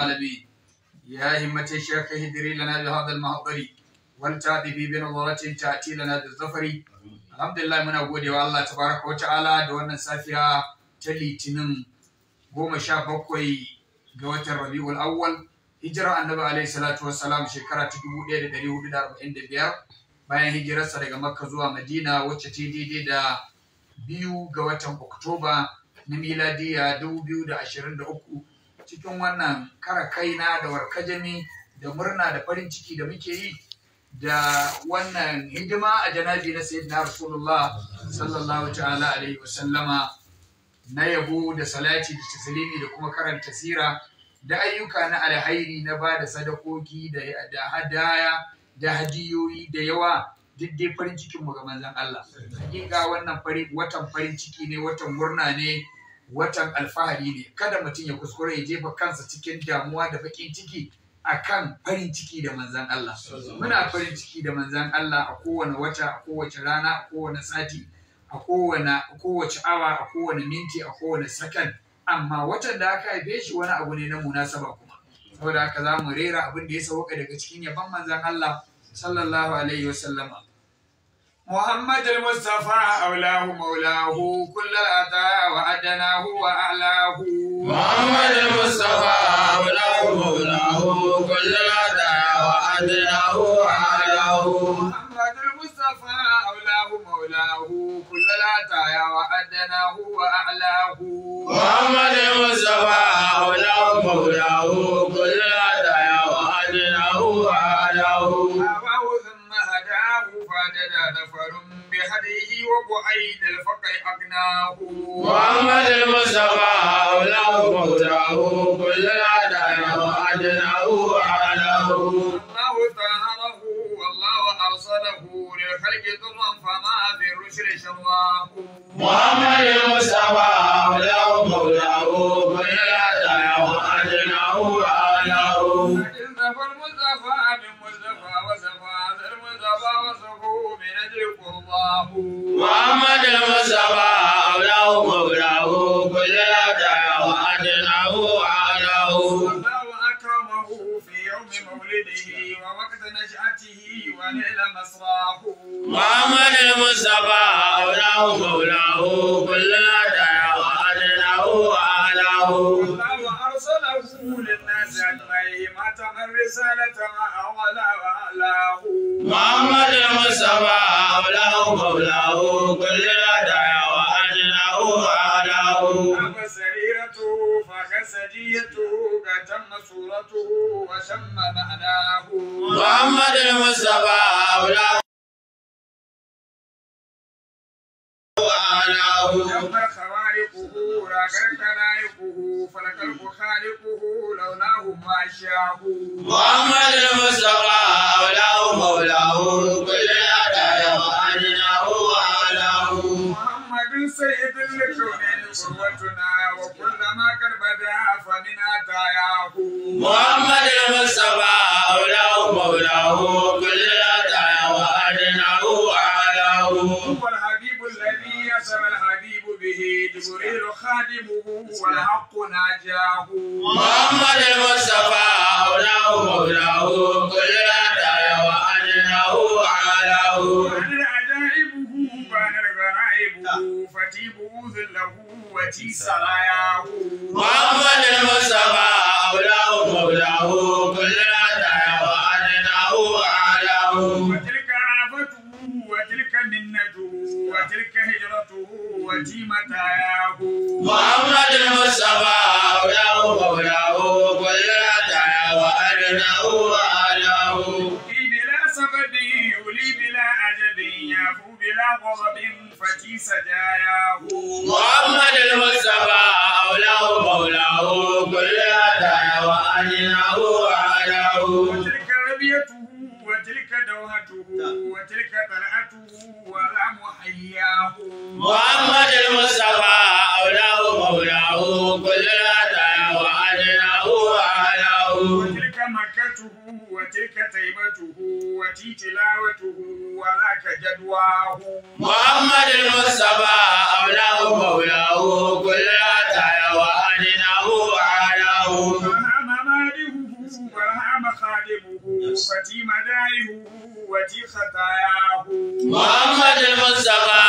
العالمين يا همة الشيخ اهدري لنا بهذا المحضر والتادي في بنظرة تأتي لنا بالظفر الحمد لله من أقول الله تبارك وتعالى دون سافيا تلي تنم goma sha bakwai ga watan rabi'ul awwal hijira annabi alaihi salatu wassalam shekara ta dubu ɗaya da ɗari hudu da arba'in da biyar bayan hijirarsa daga makka zuwa madina wacce ta daidai da biyu ga watan oktoba na cikin wannan kara kaina da warkajami da murna da farin ciki da muke yi da wannan hidima a janabi na sayyidina rasulullah sallallahu ta'ala alaihi wasallama na yabo da salati da tasalimi da kuma karanta sira da ayyuka na alhairi na ba da sadakoki da hadaya da hadiyoyi da yawa duk dai farin cikin mu ga manzon Allah hakika wannan watan farin ciki ne watan murna ne watan alfahari ne kada mutum ya kuskure ya jefa kansa cikin damuwa da bakin ciki akan farin ciki da manzan Allah muna farin ciki da manzan Allah a kowane wata a kowace rana a kowane sati a kowane kowace awa a kowane minti a kowane sakan amma watan da aka haife shi wani abu ne na munasaba kuma saboda haka za mu rera abin da ya sauka daga cikin yaban manzan Allah sallallahu alaihi wasallama محمد المصطفى أولاه مولاه كل العطاء وأدناه وأعلاه محمد المصطفى أولاه مولاه كل العطاء وأدناه وأعلاه محمد المصطفى أولاه مولاه كل العطايا وأدناه وأعلاه محمد المصطفى أولاه مولاه الأيد الفقه أقناه وأما المصطفى أولاه مولاه كل العداء أدناه وأعلاه الله طهره والله أرسله للخلق ضرا فما في الرشد شواه محمد المصطفى أولاه مولاه كلنا دعا وأدناه وأعلاه محمد المصطفى أولاه مولاه كلنا دعا وأدناه وأعلاه سريرته فكسجيته كتم صورته وشم معناه محمد المصطفى أولاه جمر خوارقه راغرت لائقه فلك خالقه لولاه ما شاءه محمد المصطفى أولاه مولاه كل الأداء وأنناه وأعلاه محمد سيد الكونين قوتنا وكل ما قد بدا فمن أتاياه محمد المصطفى أولاه مولاه كل خادمه والحق ناجاه محمد المصطفى هداه مولاه كل لا وأجناه وعلاه بان عجائبه بان غرائبه فتيبه ذله وتي سراياه محمد المصطفى هداه مولاه كل لا وأجناه وعلاه وتيمة ياه محمد المصطفى أولاه مولاه كل رتنا وأدناه وأعلاه بلا سبب يولي بلا أجب يفو بلا غضب فتي سجاياه محمد المصطفى أولاه مولاه كل رتنا وأدناه وأعلاه وتلك ربيته نسبته وتلك طلعته ولا محياه محمد المصطفى أولاه مولاه كل الأتى وأدناه وأعلاه وتلك مكته وتلك طيبته وتي تلاوته وذاك جدواه محمد المصطفى خطاياه محمد المصطفى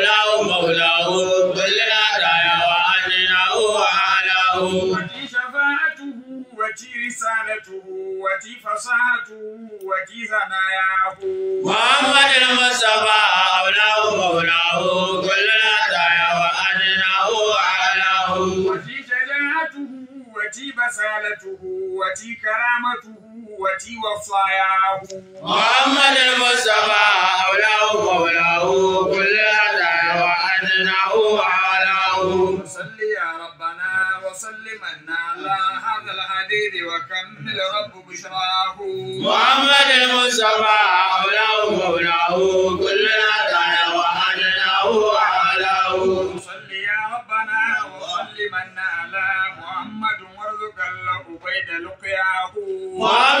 مولاه مولاه بلغ رايا وعناه وعلاه وتي شفاعته وتي رسالته وتي فصاحته وتي ثناياه محمد المصطفى مولاه مولاه بلغ رايا وعناه وعلاه وتي شجاعته وتي بسالته وتي كرامته wati wa fayahu Muhammad al-Mustafa awlahu wa walahu kullu hada wa adnahu wa walahu salli ya rabbana wa sallim anna ala hadha al-hadidi wa kammil rabbu bishrahu Muhammad al-Mustafa awlahu wa walahu kullu hada Muhammad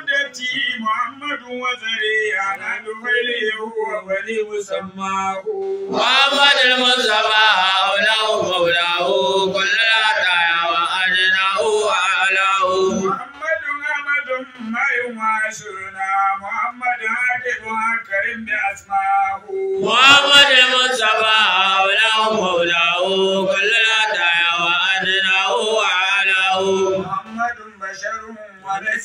عودتي محمد وزري على نفعله هو ولي مسماه محمد المصطفى أولاه مولاه كل العطايا وأجناه وأعلاه محمد أحمد ما يماشرنا محمد هادئ وكريم بأسماه محمد المصطفى أولاه مولاه كل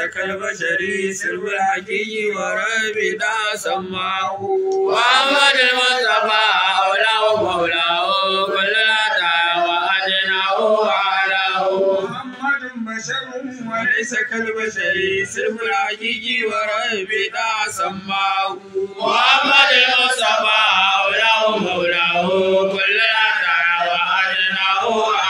أمسك البشري سلو الحكي وربي دا سماه وامد المصطفى أولاه مولاه كل العطاء واجناه وأعلاه محمد بشر وليس كالبشري سلو الحكي وربي دا سماه وامد المصطفى أولاه مولاه كل العطاء واجناه وأعلاه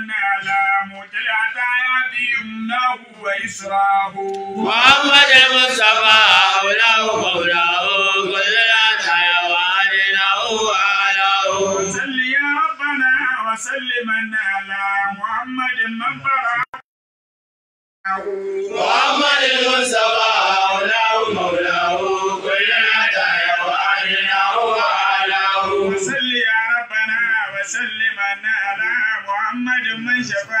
تحت آياتي يمناه وإسراه محمد المصطفى أولاه مولاه كل العطايا وعليناه وعلاه صل يا ربنا وسلم على محمد من براه محمد المصطفى أولاه مولاه كل العطايا وعليناه وعلاه صل يا ربنا وسلم على محمد من شفاه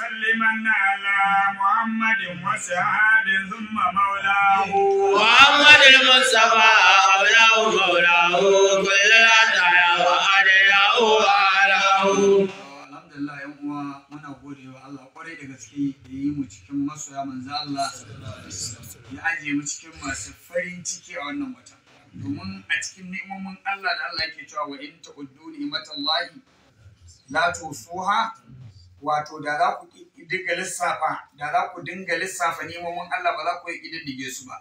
وسلمن على محمد وسعاد ثم مولاه محمد المصطفى أولاه مولاه كل الأدعياء وأدعياء وأعلاه muna godewa Allah kwarai da gaske da yi mu cikin masoya manzo Allah ya ajiye mu cikin masu farin ciki a wannan wata domin a cikin ni'imomin Allah da Allah yake cewa wa in ta'uddu ni'matallahi la tusuha wato da za ku dinga lissafa da za ku dinga lissafa nemomin Allah ba za ku yi ƙididdige su ba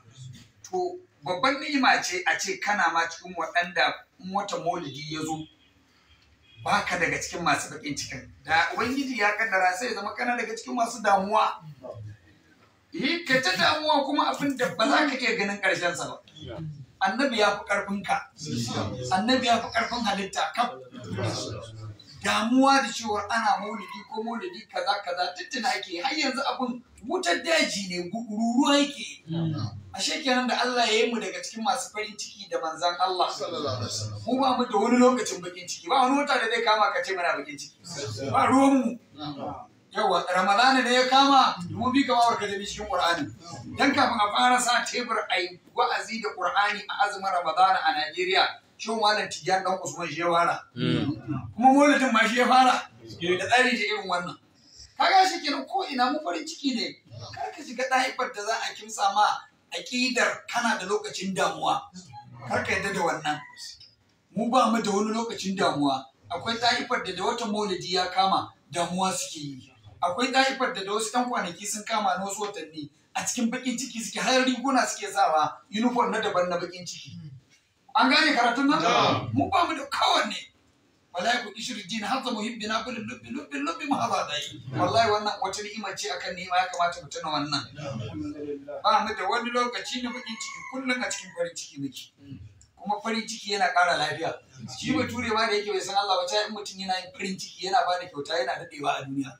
to babban ni'ima ce a ce kana ma cikin waɗanda wata maulidi ya zo baka daga cikin masu baƙin cikin da ubangiji ya kaddara sai zama kana daga cikin masu damuwa yi ka ta damuwa kuma abin da ba za ka iya ganin ƙarshen sa ba annabi ya fi ƙarfin ka annabi ya fi ƙarfin halitta kan damuwa da cewar ana maulidi ko maulidi kaza kaza tuttuna ake har yanzu abin wutar daji ne gururuwa ake. ashe kenan da Allah ya yi mu daga cikin masu farin ciki da manzan Allah mu ba mu da wani lokacin bakin ciki ba wani wata da zai kama ka ce mana bakin ciki ba ruwan mu yawa ramadana ne ya kama mu bi kamar ka cikin qur'ani dan kafin a fara sa tebur ai wa'azi da qur'ani a azumin ramadana a Najeriya shehu wannan tijjani dan usman shi ya fara hmm. kuma maulidin ma shi ya fara da tsari da irin wannan kaga shi kenan ko ina mu farin ciki ne karka shiga ɗaifar da za a kimsa ma ƙidar kana da lokacin damuwa kar ka yarda da wannan mu ba mu da wani lokacin damuwa akwai ɗaifar da da wata maulidi ya kama damuwa suke yi akwai ɗaifar da da wasu ɗan kwanaki sun kama na wasu watanni a cikin bakin ciki suke har riguna suke sawa uniform na daban na bakin ciki an gane karatun nan mu ba mu da kowanne wallahi ku ishirin jin hatta muhibbina kullu lubbi lubbi lubbi mu haza dai wallahi wannan wata ni'ima ce akan ni'ima ya kamata mu tuna wannan ba mu da wani lokaci ne bakin ciki kullum a cikin farin ciki muke mm. kuma farin ciki yana ƙara lafiya shi bature ma da yake bai san Allah ba ta in mutum yana yin farin ciki yana ba da kyauta yana dadewa a duniya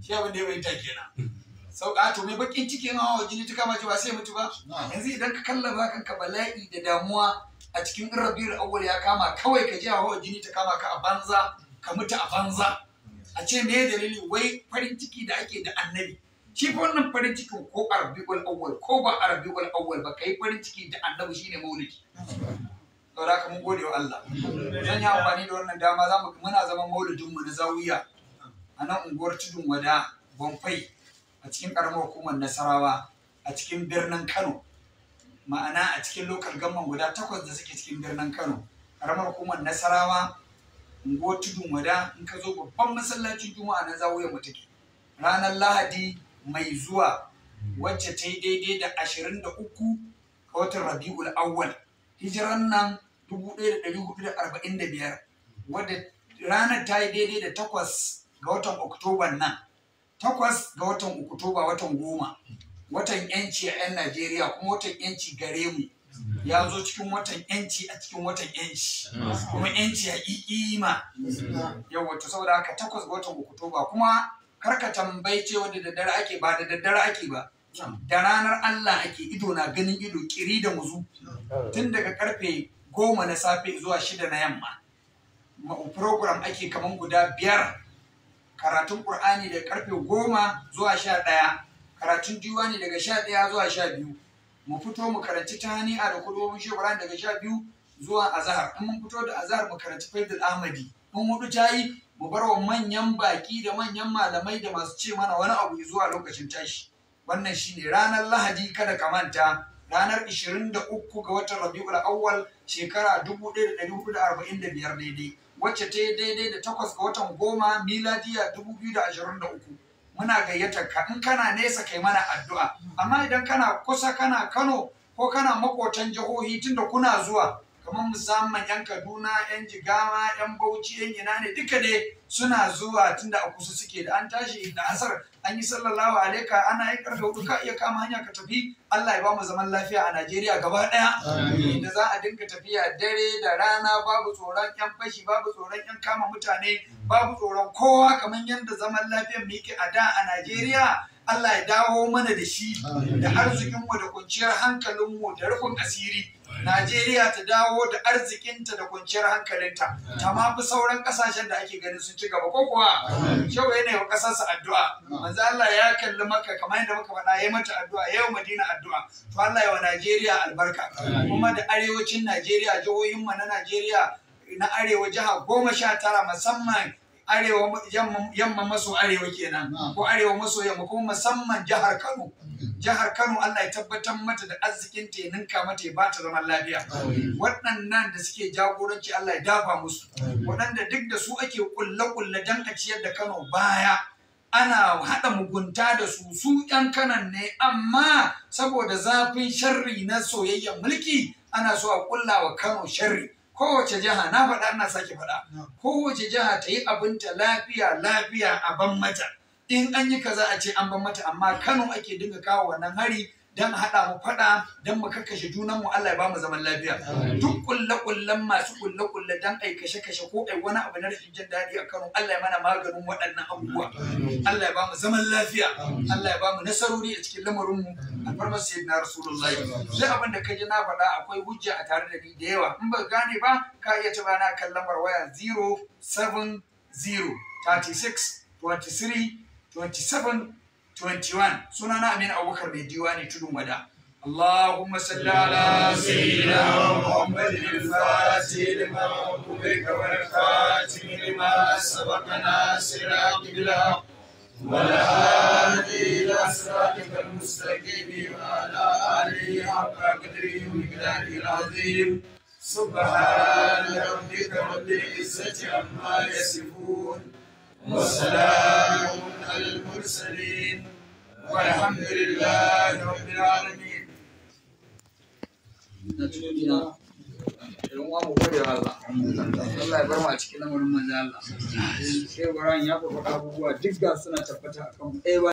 shi abin da ya bayyana kenan sauka to mai bakin ciki in hawa jini ta kama ce ba sai mutu ba yanzu idan ka ba kanka bala'i da damuwa a cikin irrabiul awwal ya kama kawai ka ji hawa jini ta kama ka a banza ka mutu a banza a ce me dalili wai farin ciki da ake da annabi shi ko wannan farin cikin ko arabiul awwal ko ba arabiul awwal ba kai farin ciki da annabi shine maulidi saboda haka mun gode wa Allah zan yi amfani da wannan dama za mu muna zaman maulidin mu na zawiya a nan unguwar tudun wada bonfai a cikin karamar hukumar nasarawa a cikin birnin Kano ma'ana a cikin lokal gamman guda takwas da suke cikin birnin kano karamar hukumar nasarawa unguwar tudu wada in ka zo babban masallacin juma'a na zawuya mu take ranar lahadi mai zuwa wacce ta yi daidai da ashirin da uku ga watan rabi'ul awwal hijiran nan dubu ɗaya da ɗari hudu da arba'in da biyar wadda ranar ta yi daidai da takwas ga watan oktoba nan takwas ga watan oktoba watan goma watan yanci a 'yan Najeriya kuma watan yanci gare mu ya zo cikin watan yanci a cikin watan yanci kuma yanci a ima Yau to saboda haka takwas ga watan oktoba kuma kar ka tambayi ce da daddare ake ba da daddare ake ba da ranar Allah ake ido na ganin ido kiri da muzu tun daga karfe goma na safe zuwa shida na yamma program ake kaman guda biyar karatun ƙur'ani da karfe goma zuwa sha ɗaya karatun ne daga sha ɗaya zuwa sha biyu mu fito mu karanci ta hani'a da kulubobin shehu ibrahim daga sha biyu zuwa azahar in mun fito da azahar mu karanci faidul ahmadi in hudu ta yi mu bar wa manyan baki da manyan malamai da masu ce mana wani abu zuwa lokacin tashi wannan shine ranar lahadi kada ka manta ranar 23 ga watan rabiul awwal shekara 1445 daidai wacce ta yi daidai da takwas ga watan goma miladiya 2023 muna gayyatar ka in kana nesa kai mana addu'a amma idan kana kusa kana Kano ko kana makotan jihohi tunda kuna zuwa kamar musamman yan Kaduna yan Jigawa yan Bauchi yan Ina ne duka ne suna zuwa tunda a kusa suke da an tashi da asar an yi sallallahu alaika ana yin karfe hudu ka iya kama hanya ka tafi Allah ya bamu zaman lafiya a Najeriya gaba daya da za a dinga tafiya dare da rana babu tsoron yan fashi babu tsoron yan kama mutane babu tsoron kowa kamar yadda zaman lafiyar mu yake a da a Najeriya Allah ya dawo mana da shi da arzikinmu da kwanciyar hankalinmu da rufin asiri Najeriya ta dawo da arzikinta da kwanciyar hankalinta ta ma sauran kasashen da ake ganin su ci gaba ko kuwa shehu yana yi kasarsa addu'a manzo Allah ya kalli maka kamar yadda muka faɗa ya mata addu'a yau Madina addu'a to Allah ya wa Najeriya albarka kuma da arewacin Najeriya jihohin mu na Najeriya na arewa jiha goma sha tara musamman arewa yamma maso arewa kenan ko arewa maso yamma kuma musamman jihar Kano jihar Kano Allah ya tabbatar mata da arzikin ta ya ninka mata ya bata zaman lafiya waɗannan da suke jagoranci Allah ya dafa musu waɗanda duk da su ake kulle-kulle dan a ciyar da Kano baya ana haɗa mugunta da su su ƴan kanan ne amma saboda zafin sharri na soyayyen mulki ana so a kulla wa Kano sharri kowace jiha na faɗa ina sake faɗa kowace jiha ta yi abinta lafiya lafiya a ban mata in an yi kaza a ce an ban mata amma Kano ake dinga kawo wannan hari dan haɗa mu faɗa dan mu kakkashe junan mu Allah ya bamu zaman lafiya duk kulle kullen masu kulle kulle dan ai kashe kashe ko ai wani abu na rashin jin daɗi a Kano Allah ya mana maganin waɗannan abubuwa Allah ya bamu zaman lafiya Allah ya bamu nasarori a cikin lamarin mu alfarmar sayyidina rasulullahi duk abin da kaje na faɗa akwai hujja a tare da ni da yawa in ba gane ba ka iya tuba na kan lambar waya 070 36 23 27 21 sunana من Abubakar mai diwani tudun wada اللهم صل على سيدنا محمد الفاتح لما أغلق والخاتم لما سبق ناصر ولا والهادي إلى صراطك المستقيم وعلى آله حق قدره ومقداره العظيم سبحان ربك رب العزة عما يصفون وسلام على المرسلين والحمد لله رب العالمين uwa mu gode wa Allah Allah ya bar mu a cikin lamarin manzo Allah sai Ibrahim ya faɗa abubuwa duk ga suna tabbata akan